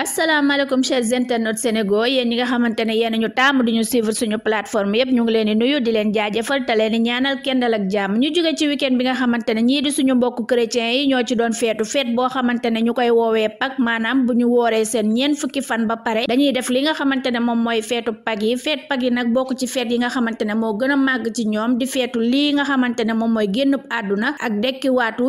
asalaamaaleykum chers internautes Sénégal yéen ñi nga xamante ne yéen ñu tàmm duñu suivre suñu plateforme yëpp ñu ngi leen di nuyu di leen jaajëfal te leen di ñaanal kendal ak jàmm ñu jóge ci week-end bi nga xamante ne ñii di suñu mbokku chrétiens yi ñoo ci doon feetu feet boo xamante ne ñu koy woowee Pâques maanaam bu ñu wooree seen ñeen fukki fan ba pare dañuy def li nga xamante ne moom mooy feetu Pâques yi feet Pâques yi nag bokk ci feet yi nga xamante ne moo gën a màgg ci ñoom di feetu lii nga xamante ne moom mooy génn àdduna ak dekki waatu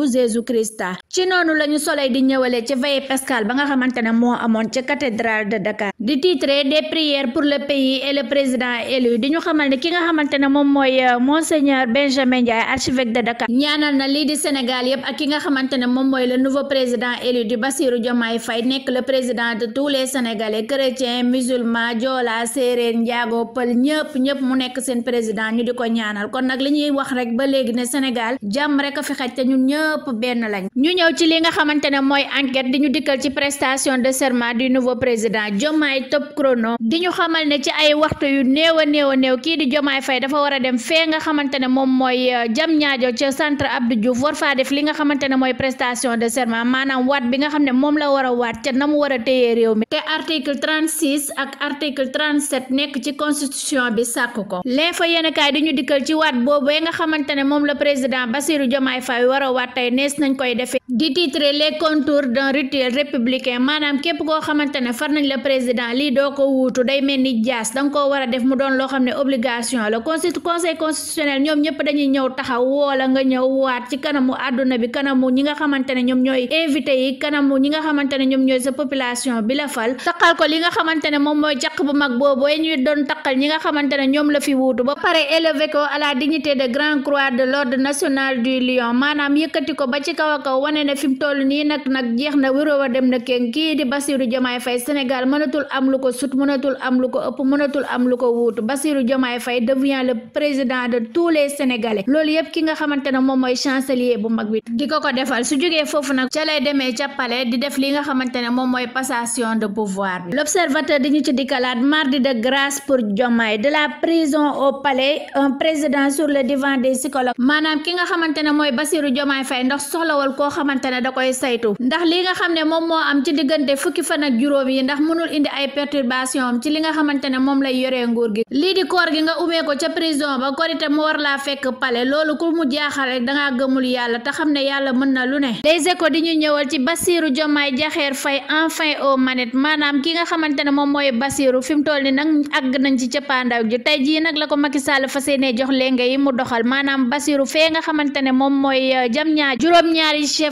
Christa ci noonu lañu soleil di ñëwalee ci veille pascale ba nga xamante ne moo amoon amoon ca cathédrale de Dakar di titrer des prières pour le pays et le président élu di ñu xamal ne ki nga xamante ne moom mooy euh, monseigneur na lii di Sénégal yépp ak ki nga xamante ne moom mooy le nouveau président élu di Bassirou Diomaye Faye nekk le président de tous les Sénégalais chrétiens musulmans joola séeréer njaago pël ñëpp ñëpp mu nekk seen président ñu di ko ñaanal kon nag li ñuy wax rek ba léegi ne Sénégal jàmm rek a fi xaj te ñun ñëpp benn lañ ñu ñëw ci li nga xamante mooy enquête di ñu dikkal ci prestation de serment remaniement du nouveau président Diomaye Top Chrono di ñu xamal ne ci ay waxtu yu néew a néew a néew kii di Diomaye Faye dafa war a dem fee nga xamante ne moom mooy euh, jam ñaajo ca centre Abdou Diouf war faa def li nga ne mooy prestation de serment maanaam waat bi nga xam ne moom la war a waat ca na mu war a téyee réew mi te article 36 ak article 37 nekk ci constitution bi sàkk ko l'info yéen kaay di ñu dikkal ci waat boobu nga xamante moom la président Bassirou Diomaye Faye war a waat tey nees nañ koy defee di titre les contours d'un rituel républicain maanaam képp ko xamante ne far nañ la président lii doo ko wuutu day mel ni jaas da ko koo war a def mu doon loo xam ne obligation la constitu conseil constitutionnel ñoom ñëpp dañuy ñëw taxaw woola nga ñëw waat ci kanamu àdduna bi kanamu ñi nga xamante ne ñoom ñooy invité yi kanamu ñi nga xamante ne ñoom ñooy sa population bi la fal taqal ko li nga xamante ne moom mooy caq bu mag boobu ñuy doon taqal ñi nga xamante ne ñoom la fi wuutu ba pare élevé ko la dignité de grand de l'ordre national du lion maanaam yëkkati ko ba ci kaw ne fi mu toll nii nag nag jeex na wéroo a dem na kenn kii di Bassirou Diomaye Faye Sénégal mënatul am lu ko sut mënatul am lu ko ëpp mënatul am lu ko wuutu Bassirou Diomaye Faye devient le président de tous les Sénégalais loolu yëpp ki nga xamante ne moom mooy chancelier bu mag bi di ko ko defal su jógee foofu nag ca lay demee ca palais di def li nga xamante ne moom mooy passation de pouvoir bi l'observateur di ñu ci dikkalaat mardi de grâce pour Diomaye de la prison au palais un président sur le divan des psychologues maanaam ki nga xamante ne mooy Bassirou Diomaye Faye xamante ne da koy ndax li nga xam ne moom moo am ci diggante fukki fan ak juróom yi ndax mënul indi ay perturbation am ci li nga xamante ne moom lay yore nguur gi lii di koor gi nga umee ko ca prison ba korite mu war laa fekk pale loolu ku mu jaaxal rek dangaa gëmul yàlla te xam ne yàlla mën na lu ne Les ko di ñu ñëwal ci Bassirou Diomaye Diakhar Faye enfin aux manettes maanaam ki nga xamante ne moom mooy Bassirou fi mu toll ni nag àgg nañ ci cëppaandaw ji tey jii nag la ko Macky Sall fas yéenee jox lenge yi mu doxal maanaam Bassirou fee nga xamante ne moom mooy euh, jam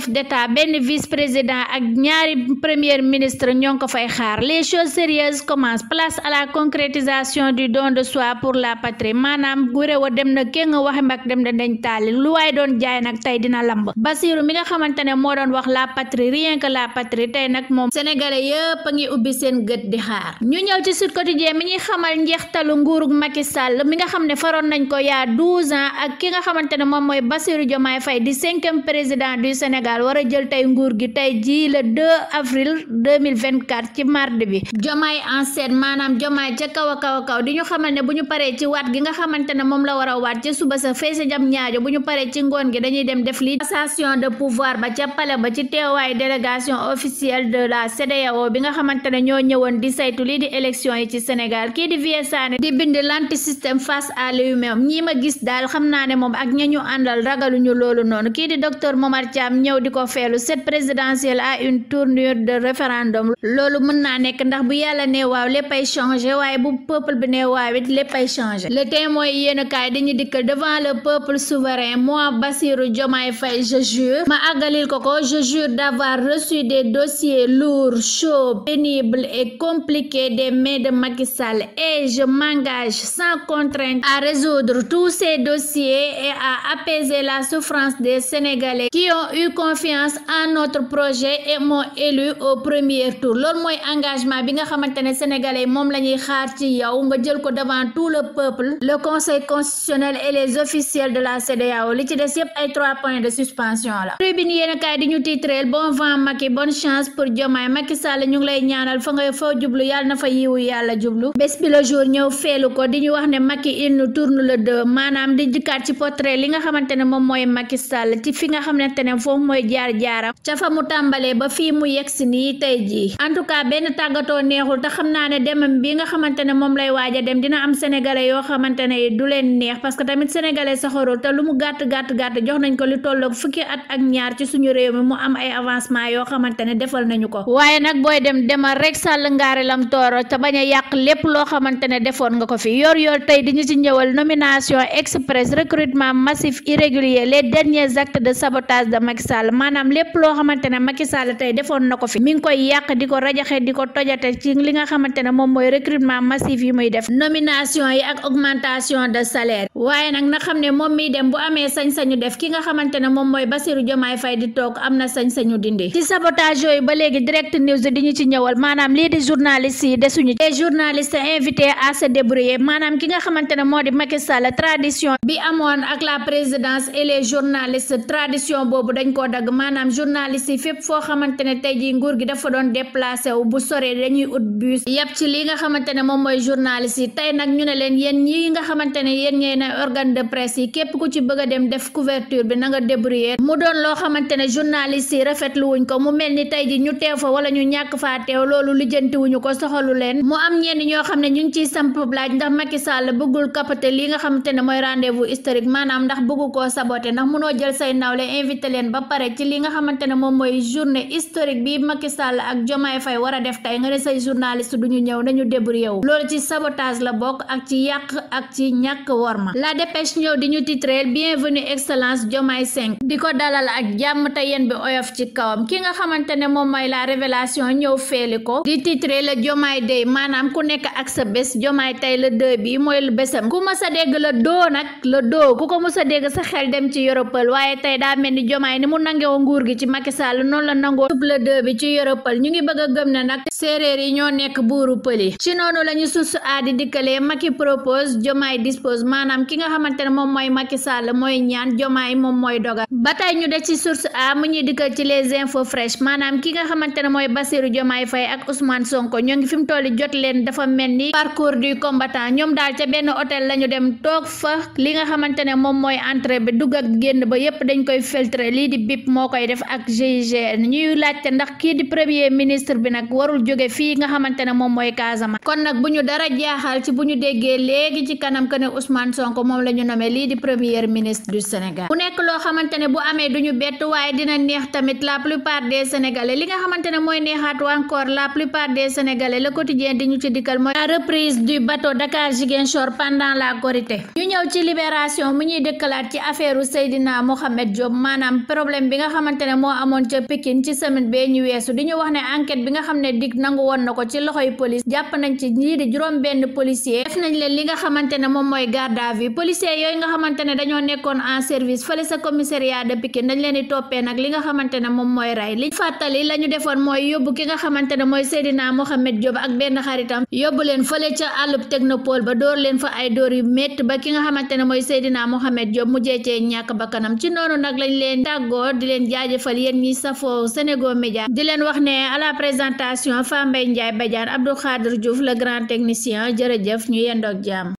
chef d'état benn vice président ak ñaari premier ministre ñoo ngi ko fay xaar les choses sérieuses commencent place à la concrétisation du don de pour la patrie maanaam guré wa dem na ké nga waxe mbag dem na dañ taali lu waaye doon jaay nag tey dina lamb Basiru mi nga xamante ne moo doon wax la patrie rien que la patrie tey nag moom sénégalais yëpp a ngi ubbi seen gët di xaar ñu ñëw ci Sud Quotidien mi ñuy xamal njeextalu nguurug Macky Sall mi nga xam ne faroon nañ ko yaa douze ans ak ki nga xamante ne moom mooy Basiru Jomaay Fay di cinquième président du Sénégal Sénégal war a jël tey nguur gi tey jii le 2 avril 2024 ci mardi bi jomaay en scène maanaam jomaay ca kaw a kaw a kaw di ñu xamal ne bu ñu paree ci waat gi nga xamante ne moom la war a waat ci suba sa fay sa jam ñaajo bu ñu paree ci ngoon gi dañuy dem def li passation de pouvoir ba ca pale ba ci teewaayu délégation officielle de la CEDEAO bi nga xamante ne ñoo ñëwoon di saytu lii di élection yi ci Sénégal kii di Vieux Sané di bind l'anti système face à yu même ñii ma gis daal xam naa ne moom ak ña ñu àndal ragaluñu loolu noonu di ko feelu cette présidentielle a une tournure de référendum loolu mën naa nekk ndax bu yàlla ne waaw léppay changé waaye bu peuple bi ne waaw it léppay changé le témoin yéen kaay dañu dikk devant le peuple souverain moi Bassirou Diomaye Faye je jure ma àggalil ko ko je jure d'avoir reçu des dossiers lourds chauds pénibles et compliqués des mains de Macky Sall et je m'engage sans contrainte à résoudre tous ces dossiers et à apaiser la souffrance des Sénégalais confiance en notre projet et bi nga xamante ne sénégalais moom la ñuy xaar ci yow nga jël ko devant tout le la CEDEAO li ci des yëpp ay trois de suspension la tribune yéen kaay di ñu titreel bon vent Macky bonne chance pour Diomaye Macky Sall ñu ngi lay ñaanal fa ngay foo jublu yàlla na fa yiwu yàlla jublu bés bi le jour ñëw feelu ko di ñu wax ne Macky il tourne le deux maanaam di dikkaat ci portrait li nga xamante ne moom mooy Macky Sall fi nga xamante foofu mooy jaar jaaram ca fa mu tàmbalee ba fii mu yegsi nii tey jii en tout cas benn tàggatoo neexul te xam naa ne demam bi nga xamante ne moom lay waaj a dem dina am sénégalais yoo xamante ne du leen neex parce que tamit sénégalais saxarul te lu mu gàtt gàtt gàtt jox nañ ko lu tolloog fukki at ak ñaar ci suñu réew mi mu am ay avancement yoo xamante defal nañu ko waaye nag booy dem demal rek sàll ngaari lam tooro te a yàq lépp loo xamante ne defoon nga ko fi yor yor tey diñu ci ñëwal nomination express recrutement maanaam lépp loo xamante ne Macky Sall tey defoon na ko fi mi ngi koy yàq di ko rajaxe di ko tojate ci li nga xamante ne moom mooy recrutement massif yi muy def nomination yi ak augmentation de salaire waaye nag na xam ne moom miy dem bu amee sañ-sañu def ki nga xamante ne moom mooy Bassirou Diomaye fay di toog am na sañ-sañu dindi ci sabotage yooyu ba léegi direct news di ñu ci ñëwal maanaam lii di journaliste yi desuñu les journalistes invité à se débrouiller maanaam ki nga xamante ne moo di Macky Sall tradition bi amoon ak la présidence et les journalistes tradition boobu dañ koo dagg maanaam journaliste yi fépp foo xamante ne tey jii nguur gi dafa doon déplacé wu bu soree dañuy ut bus yàpp ci lii nga xamante ne moom mooy journaliste yi tey nag ñu ne leen yéen ñi nga xamante ne yéen ñee na organe de yi képp ku ci bëgg dem def couverture bi na nga débrouiller mu doon loo xamante ne journaliste yi rafetlu ko mu mel ni tey ji ñu teew fa wala ñu ñàkk faa teew loolu lijjanti ko soxalu leen mu am ñenn ñoo xam ne ñu ngi ciy samp laaj ndax Macky Sall bëggul kapate lii nga xamante ne mooy rendez-vous historique maanaam ndax bëggu koo saboté ndax munoo jël say nawle invité leen ba pare ci li nga xamante ne moom mooy journée historique bi Macky Sall ak Diomaye Faye war a def tey nga ne say journaliste du ñu ñëw nañu débrouillé wu loolu ci sabotage la bokk ak ci yàq ak ci ñàkk worma la dépêche ñëw di ñu titreel bienvenue excellence Diomaye cinq di ko dalal ak jàmm te yéen bi oyof ci kawam ki nga xamante ne moom mooy la révélation ñëw feeli ko di titré la Diomaye day maanaam ku nekk ak sa bés Diomaye tey la deux bi mooy lu bésam ku mës a dégg la doo nag la doo ku ko mës a dégg sa xel dem ci yoropal nangoo nguur gi ci Macky Sall noonu la nangoo double deux bi ci yoro ñu ngi bëgg a gëm ne nag séeréer yi ñoo nekk buuru yi ci noonu la ñu susu aadi dikkalee Macky propose Diomaye dispose maanaam ki nga xamante ne moom mooy Macky Sall mooy ñaan Diomaye moom mooy dogal ba tey ñu de ci source a mu ñuy dikkal ci les infos maanaam ki nga xamante ne mooy Bassirou Diomaye Faye ak Ousmane Sonko ñoo ngi fi mu toll jot leen dafa mel ni parcours du combattant ñoom daal ca benn otel la ñu dem toog fa li nga xamante ne moom mooy entrée bi dugg ak génn ba yépp dañ koy filtrer lii di bip moo koy def ak GIGN ñuy laajte ndax kii di premier ministre bi nag warul jóge fii nga xamante ne moom mooy Casamance kon nag bu ñu dara jaaxal ci bu ñu déggee léegi ci kanam que ne Ousmane Sonko moom la ñu nommé lii di premier ministre du Sénégal bu nekk loo xamante ne bu amee du ñu bett waaye dina neex tamit la plus plupart des Sénégalais li nga xamante ne mooy neexaat encore la plupart des Sénégalais le quotidien di ñu ci dikkal mooy la reprise du bateau Dakar Ziguinchor pendant la Korité ñu ñëw ci libération mu ñuy dëkkalaat ci affaire Seydina Mohamed Diop maanaam problème bi bi nga xamante ne moo amoon ca Pikine ci semaine bee ñu weesu di ñu wax ne enquête bi nga xam ne dig nangu woon na ko ci loxoy police jàpp nañ ci ñii di benn policier nañ leen li nga xamante ne moom mooy garde à vue yooyu nga xamante ne dañoo nekkoon en service fële sa commissariat de Pikine dañ leen di toppee nag li nga xamante ne moom mooy ray li fàttali la ñu defoon mooy yóbbu ki nga xamante ne mooy Seydina Mohamed Diop ak benn xaritam yóbbu leen fële ca àllub technopole ba dóor leen fa ay dóor yu métti ba ki nga xamante ne mooy Seydina Mohamed Diop mujjee cee ñàkk bakkanam ci noonu nag lañ leen tàggoo di leen jaajëfal yéen ñi safoo Senego Média di leen wax ne à la présentation Fambaye Ndiaye Badiane Abdou Khadir Diouf le grand technicien jërëjëf ñu yendoog jaam